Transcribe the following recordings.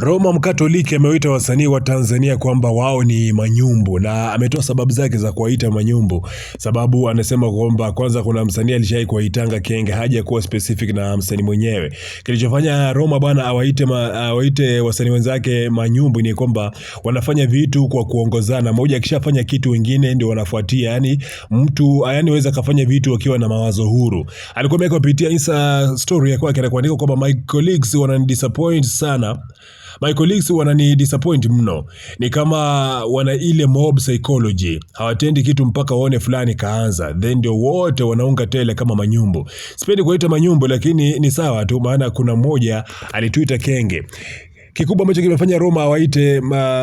Roma Mkatoliki amewaita wasanii wa Tanzania kwamba wao ni manyumbu na ametoa sababu zake za kuwaita manyumbu. Sababu anasema kwamba kwanza kuna msanii alishai kuwaitanga kenge, haja kuwa specific na msanii mwenyewe. Kilichofanya Roma bwana awaite ma, awaite wasanii wenzake manyumbu ni kwamba wanafanya vitu kwa kuongozana. Mmoja akishafanya kitu wengine ndio wanafuatia. yani mtu yani weza kafanya vitu akiwa na mawazo huru. Alikuwa amekopitia Insta story yake anakuandika kwamba my colleagues wanani disappoint sana. My colleagues wanani disappoint mno, ni kama wana ile mob psychology. Hawatendi kitu mpaka waone fulani kaanza, then ndio wote wanaunga tele kama manyumbu. Sipendi kuita manyumbu, lakini ni sawa tu, maana kuna mmoja alitwita kenge Kikubwa ambacho kimefanya Roma awaite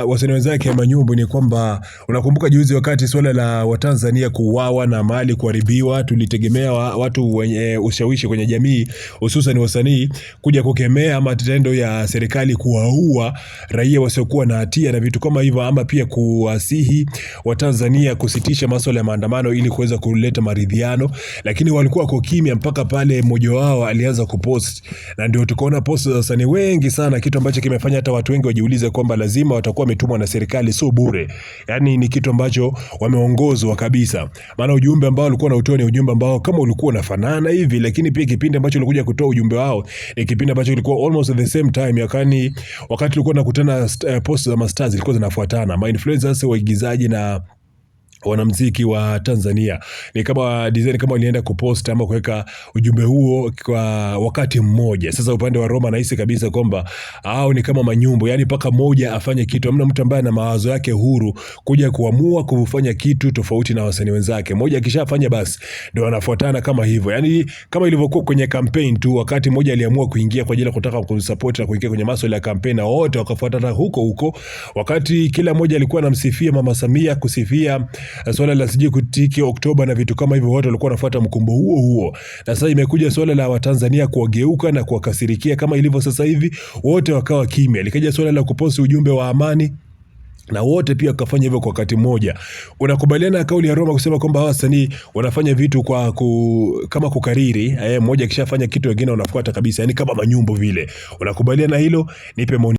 wasanii wenzake manyumbu ni kwamba unakumbuka juzi, wakati suala la Watanzania kuuawa na mali kuharibiwa, tulitegemea wa, watu wenye ushawishi kwenye jamii hususan wasanii kuja kukemea matendo ya serikali kuwaua raia wasiokuwa na hatia na vitu kama hivyo, ama pia kuwasihi Watanzania kusitisha masuala ya maandamano ili kuweza kuleta maridhiano, lakini walikuwa kwa kimya mpaka pale mmoja wao alianza kupost, na ndio tukaona post za wasanii wengi sana, kitu ambacho kimefanya inafanya hata watu wengi wajiulize kwamba lazima watakuwa wametumwa na serikali, sio bure. Yani ni kitu ambacho wameongozwa kabisa, maana ujumbe ambao walikuwa wanautoa ni ujumbe ambao kama ulikuwa unafanana hivi, lakini pia kipindi ambacho walikuja kutoa ujumbe wao ni kipindi ambacho kilikuwa almost at the same time, yakani wakati ulikuwa unakutana uh, eh, post za masters zilikuwa zinafuatana, ma influencers waigizaji na wanamziki wa Tanzania. Ni kama design kama walienda kupost ama kuweka ujumbe huo kwa wakati mmoja. Sasa upande wa Roma nahisi kabisa kwamba au ni kama manyumbu, yani paka moja afanye kitu. Hamna mtu ambaye ana mawazo yake huru kuja kuamua kufanya kitu tofauti na wasanii wenzake. Moja akishafanya basi ndio wanafuatana kama hivyo. Yani kama ilivyokuwa kwenye campaign tu, wakati mmoja aliamua kuingia kwa ajili ya kutaka kusupport na kuingia kwenye masuala ya campaign na wote wakafuatana huko huko, wakati kila mmoja alikuwa anamsifia Mama Samia kusifia Eh, swala la sijui kutiki Oktoba na vitu kama hivyo, watu walikuwa wanafuata mkumbo huo huo, na sasa imekuja swala la Watanzania kuwageuka na kuwakasirikia kama ilivyo sasa hivi, wote wakawa kimya. Likaja swala la kuposti ujumbe wa amani na wote pia wakafanya hivyo kwa wakati mmoja. Unakubaliana na kauli ya Roma kusema kwamba hawa wasanii wanafanya vitu kwa ku, kama kukariri. Eh, mmoja akishafanya kitu wengine wanafuata kabisa, yani kama manyumbo vile. Unakubaliana na hilo? Nipe maoni.